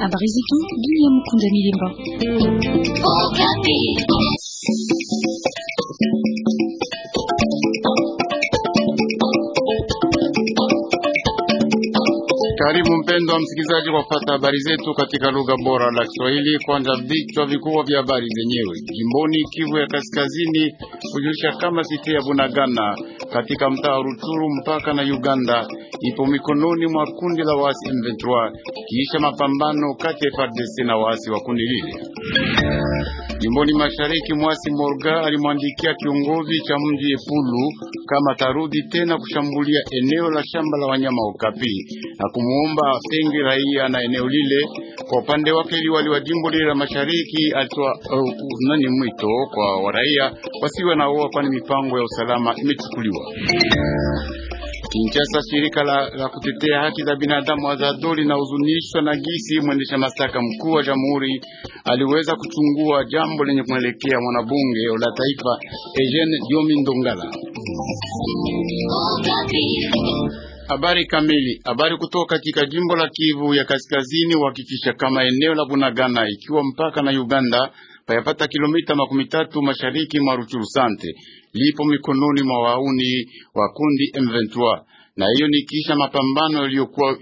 Habari zetu Julia Mukunda Milemba. Karibu wa msikilizaji kwa kufata habari zetu katika lugha bora la Kiswahili. Kwanza vichwa vikubwa vya habari zenyewe. Jimboni Kivu ya Kaskazini kujulisha kama site ya Bunagana katika mtaa ruchuru mpaka na Uganda ipo mikononi mwa kundi la waasi M23 kisha mapambano kati ya FARDC na waasi wa kundi lile. Jimboni mashariki mwasi Morga alimwandikia kiongozi cha mji epulu kama tarudi tena kushambulia eneo la shamba la wanyama Okapi na kumuomba afenge raia na eneo lile kwa upande wake liwali wa jimbo lile la mashariki alitoa uh, uh nani mwito kwa waraia wasiwe na uoga, kwani mipango ya usalama imechukuliwa. Kinshasa, shirika la, la kutetea haki za binadamu Azado linahuzunishwa na gisi mwendesha mashtaka mkuu wa jamhuri aliweza kuchungua jambo lenye kumwelekea mwanabunge la taifa Eugene Diomi Ndongala. Habari kamili. Habari kutoka katika jimbo la Kivu ya Kaskazini uhakikisha kama eneo la Bunagana ikiwa mpaka na Uganda payapata kilomita makumi tatu mashariki mwa Ruchuru Sante lipo mikononi mwa wauni wa kundi M23, na hiyo ni kisha mapambano yaliyokuwa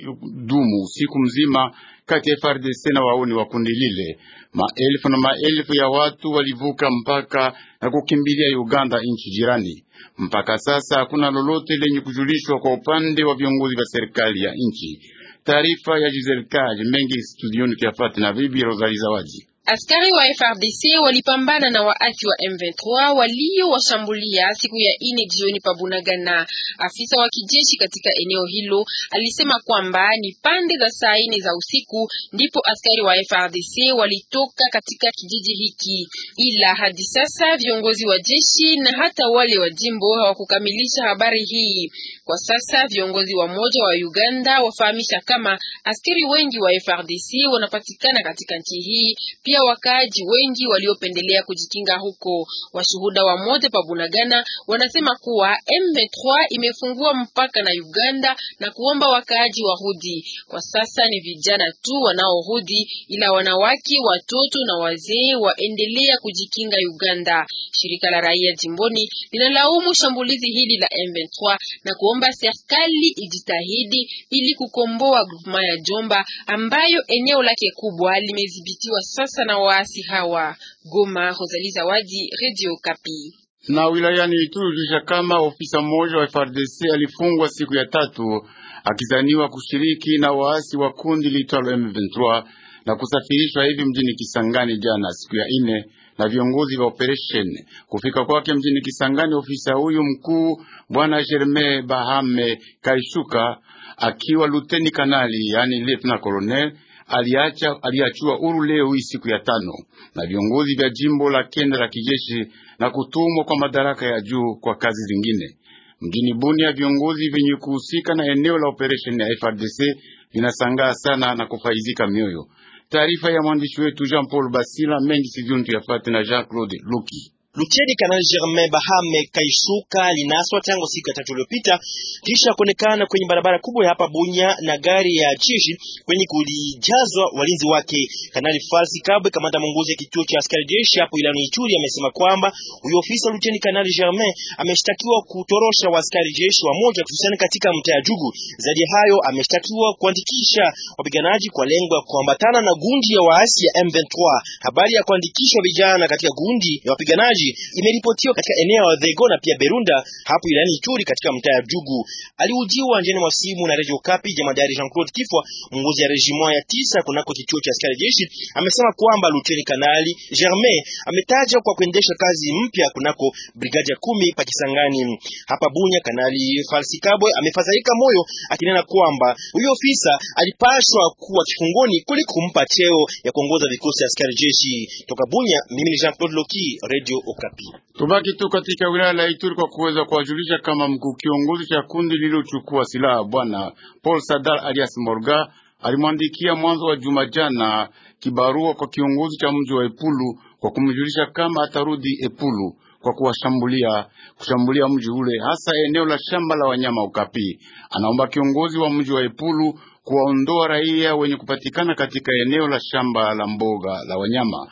dumu usiku mzima kati ya FARDC na wauni wa kundi lile. Maelfu na maelfu ya watu walivuka mpaka na kukimbilia Uganda, nchi jirani. Mpaka sasa hakuna lolote lenye kujulishwa kwa upande wa viongozi vya serikali ya nchi. Taarifa ya Giselle Kaji mengi studioni kiafati na bibi Rosalie Zawadi. Askari wa FRDC walipambana na waasi wa M23 waliowashambulia siku ya ine jioni pa Bunagana. Afisa wa kijeshi katika eneo hilo alisema kwamba ni pande za saa ine za usiku ndipo askari wa FRDC walitoka katika kijiji hiki, ila hadi sasa viongozi wa jeshi na hata wale wa jimbo hawakukamilisha habari hii. Kwa sasa viongozi wa moja wa Uganda wafahamisha kama askari wengi wa FRDC wanapatikana katika nchi hii pia wakaaji wengi waliopendelea kujikinga huko. Washuhuda wa mote pa Bunagana wanasema kuwa M23 imefungua mpaka na Uganda na kuomba wakaaji warudi. Kwa sasa ni vijana tu wanaorudi, ila wanawake, watoto na wazee waendelea kujikinga Uganda. Shirika la raia jimboni linalaumu shambulizi hili la M23 na kuomba serikali ijitahidi ili kukomboa groupement ya Jomba ambayo eneo lake kubwa limedhibitiwa sasa na waasi hawa. Goma, Rosalie Zawadi, Radio Kapi na wilayani Ituri kama ofisa mmoja wa FARDC alifungwa siku ya tatu akizaniwa kushiriki na waasi wa kundi litwalo M23 na kusafirishwa hivi mjini Kisangani jana siku ya ine na viongozi wa operation. Kufika kwake mjini Kisangani, ofisa huyu mkuu bwana Germain Bahame Kaishuka akiwa luteni kanali, yani lieutenant colonel aliacha aliachua huru leo hii siku ya tano na viongozi vya jimbo la kenda la kijeshi na kutumwa kwa madaraka ya juu kwa kazi zingine. Mjini Bunia, viongozi vyenye kuhusika na eneo la operesheni ya FRDC vinasangaa sana na kufaizika mioyo. Taarifa ya mwandishi wetu Jean Paul Basila mengi sijuntu yafate na Jean Claude Luki. Luchedi Kanal Germain Bahame Kaishuka linaswa tangu siku ya tatu iliyopita kisha kuonekana kwenye barabara kubwa ya hapa Bunya na gari ya jeshi kwenye kulijazwa walinzi wake. Kanali Falsi Kabwe, kamanda mwongozi ya kituo cha askari jeshi hapo Ilani Ituri, amesema kwamba huyo ofisa Luchedi Kanal Germain ameshtakiwa kutorosha waaskari jeshi wa moja hususani katika mtaa Jugu. Zaidi hayo, ameshtakiwa kuandikisha wapiganaji kwa lengo ya kuambatana na gundi ya waasi ya M23. Habari ya kuandikishwa vijana katika gundi ya wapiganaji mauaji imeripotiwa katika eneo la Dego na pia Berunda hapo ilani Ituri katika mtaa wa Jugu. Aliujiwa njiani mwa simu na Radio Kapi jamadari Jean-Claude Kifwa, mwongozi ya rejima ya tisa kunako kituo cha askari jeshi, amesema kwamba luteni kanali Germain ametaja kwa kuendesha kazi mpya kunako brigadi ya kumi pa Kisangani. Hapa Bunya, kanali Falsi Kabwe amefadhaika moyo akinena kwamba huyo ofisa alipashwa kuwa kifungoni kuliko kumpa cheo ya kuongoza vikosi vya askari jeshi. Toka Bunya, mimi ni Jean-Claude Loki, Radio Okapi. Tubaki tu katika wilaya la Ituri kwa kuweza kuwajulisha kama mkuu kiongozi cha kundi lililochukua silaha bwana Paul Sadal alias Morga alimwandikia mwanzo wa juma jana kibarua kwa kiongozi cha mji wa Epulu kwa kumjulisha kama atarudi Epulu kwa kuwashambulia kushambulia mji ule hasa eneo la shamba la wanyama Ukapi. Anaomba kiongozi wa mji wa Epulu kuwaondoa raia wenye kupatikana katika eneo la shamba la mboga la wanyama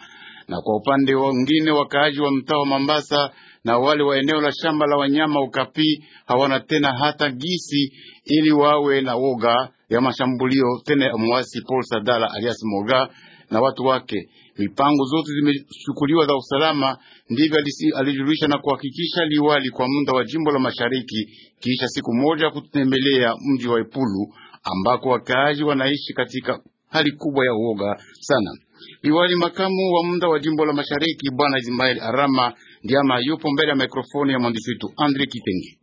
na kwa upande mwingine wakaaji wa mtaa wa Mambasa na wale wa eneo la shamba la wanyama Ukapi hawana tena hata gisi ili wawe na woga ya mashambulio tena ya mwasi Paul Sadala alias Moga na watu wake. Mipango zote zimechukuliwa za usalama, ndivyo alijulisha na kuhakikisha liwali kwa muda wa jimbo la mashariki, kisha siku moja kutembelea mji wa Ipulu ambako wakaaji wanaishi katika hali kubwa ya uoga sana. Liwali makamu wa muda wa jimbo la mashariki Bwana Ismail Arama Ndiama yupo mbele ya mikrofoni ya mwandishi wetu Andre Kitenge.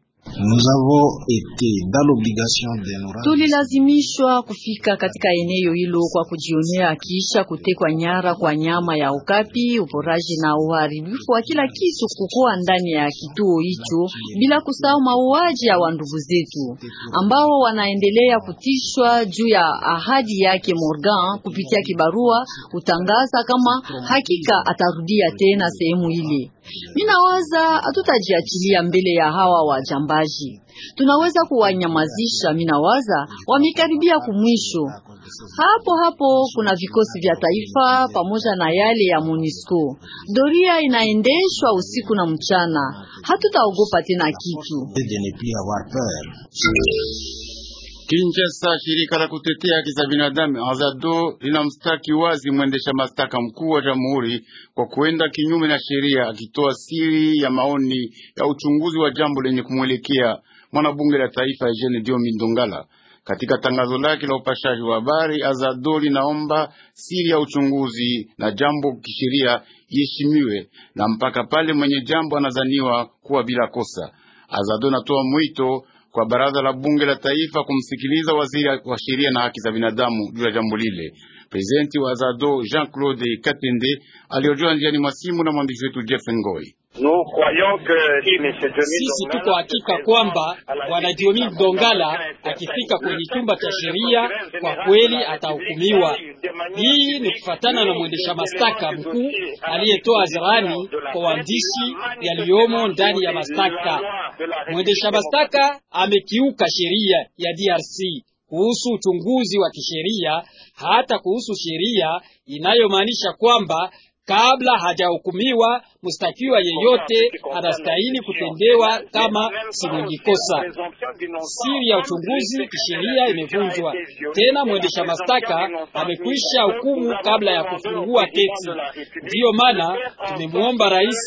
Tulilazimishwa kufika katika eneo hilo kwa kujionea kisha kutekwa nyara kwa nyama ya ukapi, uporaji na uharibifu wa kila kitu kukoa ndani ya kituo hicho, bila kusahau mauaji ya wandugu zetu ambao wanaendelea kutishwa juu ya ahadi yake Morgan kupitia kibarua kutangaza kama hakika atarudia tena sehemu ile. Ninawaza hatutajiachilia mbele ya hawa wajambaji, tunaweza kuwanyamazisha. Ninawaza wamekaribia kumwisho. Hapo hapo kuna vikosi vya taifa pamoja na yale ya MONUSCO. Doria inaendeshwa usiku na mchana, hatutaogopa tena kitu. Kinshasa, shirika la kutetea haki za binadamu Azado linamstaki wazi mwendesha mashtaka mkuu wa jamhuri kwa kuenda kinyume na sheria, akitoa siri ya maoni ya uchunguzi wa jambo lenye kumwelekea mwanabunge la taifa Eugene Diomi Ndongala. Katika tangazo lake la upashaji wa habari, Azado linaomba siri ya uchunguzi na jambo kisheria iheshimiwe na mpaka pale mwenye jambo anazaniwa kuwa bila kosa. Azado natoa mwito kwa baraza la bunge la taifa kumsikiliza waziri wa sheria na haki za binadamu juu ya jambo lile. Prezidenti wa Azado Jean Claude Katende aliojua njiani mwa simu na mwandishi wetu Jeff Ngoi. Sisi tuko hakika kwamba bwana Diomi Dongala akifika kwenye chumba cha sheria kwa kweli atahukumiwa. Hii ni kufatana na mwendesha mashtaka mkuu aliyetoa hadharani kwa waandishi yaliyomo ndani ya mashtaka. Mwendesha mashtaka amekiuka sheria ya DRC kuhusu uchunguzi wa kisheria, hata kuhusu sheria inayomaanisha kwamba kabla hajahukumiwa mustakiwa yeyote anastahili kutendewa kama silingi Siri ya uchunguzi kisheria imevunjwa. Tena mwendesha mashtaka amekwisha hukumu kabla ya kufungua kesi. Ndiyo maana tumemwomba rais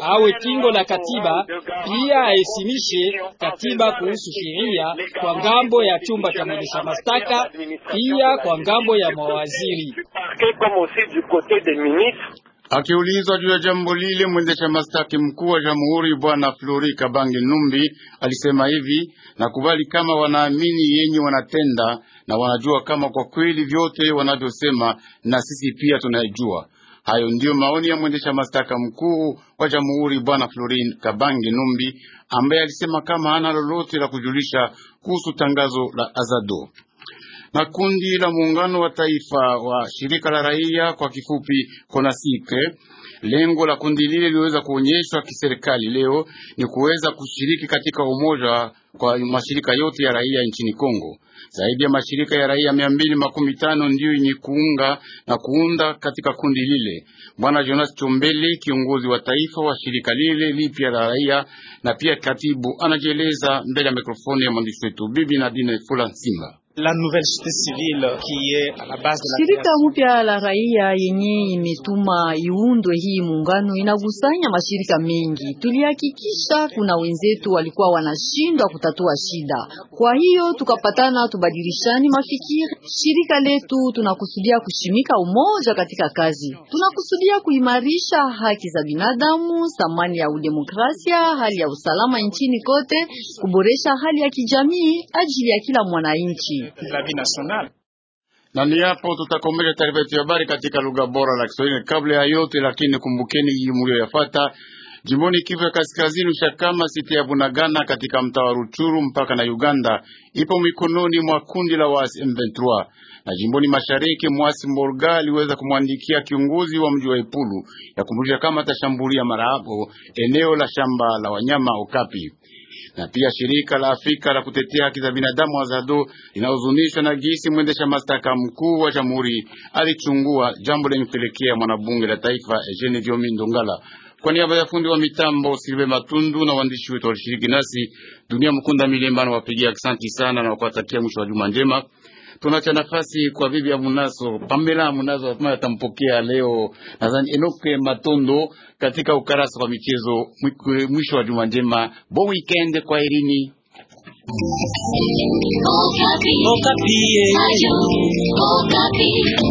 awe kingo la katiba, pia aheshimishe katiba kuhusu sheria kwa ngambo ya chumba cha mwendesha mashtaka, pia kwa ngambo ya mawaziri. Akiulizwa juu ya jambo lile, mwendesha mastaki mkuu wa jamhuri bwana Flori Kabange Numbi alisema hivi: nakubali kama wanaamini yenye wanatenda na wanajua kama kwa kweli vyote wanavyosema, na sisi pia tunayejua hayo. Ndiyo maoni ya mwendesha mastaka mkuu wa jamhuri bwana Florin Kabange Numbi ambaye alisema kama hana lolote la kujulisha kuhusu tangazo la Azado na kundi la muungano wa taifa wa shirika la raia kwa kifupi Konasike. Lengo la kundi lile liliweza kuonyeshwa kiserikali leo ni kuweza kushiriki katika umoja kwa mashirika yote ya raia nchini Kongo. Zaidi ya mashirika ya raia mia mbili makumi tano ndiyo yenye kuunga na kuunda katika kundi lile. Bwana Jonas Chombele, kiongozi wa taifa wa shirika lile lipya la raia na pia katibu, anajieleza mbele ya mikrofoni ya mwandishi wetu Bibi Nadine Fula Nsimba. La nouvelle société civile qui est à la base de la shirika mpya la raia yenye imetuma iundwe hii muungano inagusanya mashirika mengi. Tulihakikisha kuna wenzetu walikuwa wanashindwa kutatua shida, kwa hiyo tukapatana tubadilishani mafikiri. Shirika letu tunakusudia kushimika umoja katika kazi, tunakusudia kuimarisha haki za binadamu, thamani ya udemokrasia, hali ya usalama nchini kote, kuboresha hali ya kijamii ajili ya kila mwananchi la vie nationale. Na ni hapo tutakomesha taarifa yetu ya habari katika lugha bora la Kiswahili. Kabla ya yote lakini, kumbukeni hii mlioyafuata jimboni Kivu ya Kaskazini, ushakama siti ya Bunagana katika mtaa wa Ruchuru mpaka na Uganda ipo mikononi mwa kundi la waasi M23. Na jimboni mashariki mwasi Mborga aliweza kumwandikia kiongozi wa mji wa Ipulu ya kumjulisha kama atashambulia mara hapo eneo la shamba la wanyama Okapi na pia shirika la Afrika la kutetea haki za binadamu azado linahuzunishwa na gisi mwendesha mashtaka mkuu wa jamhuri alichungua jambo kupelekea mwanabunge la taifa Eugene Vyomi Ndongala. Kwa niaba ya fundi wa mitambo Silve Matundu na waandishi wetu walishiriki nasi, dunia mkunda milembano wapigia aksanti sana na kuwatakia mwisho wa juma njema tunacha nafasi kwa bibi Amunaso Pamela Amunaso ambaye atampokea leo nadhani Enoke Matondo katika ukarasa wa michezo. Mwisho wa juma njema, bon weekend kwa irini Okapi. Okapi.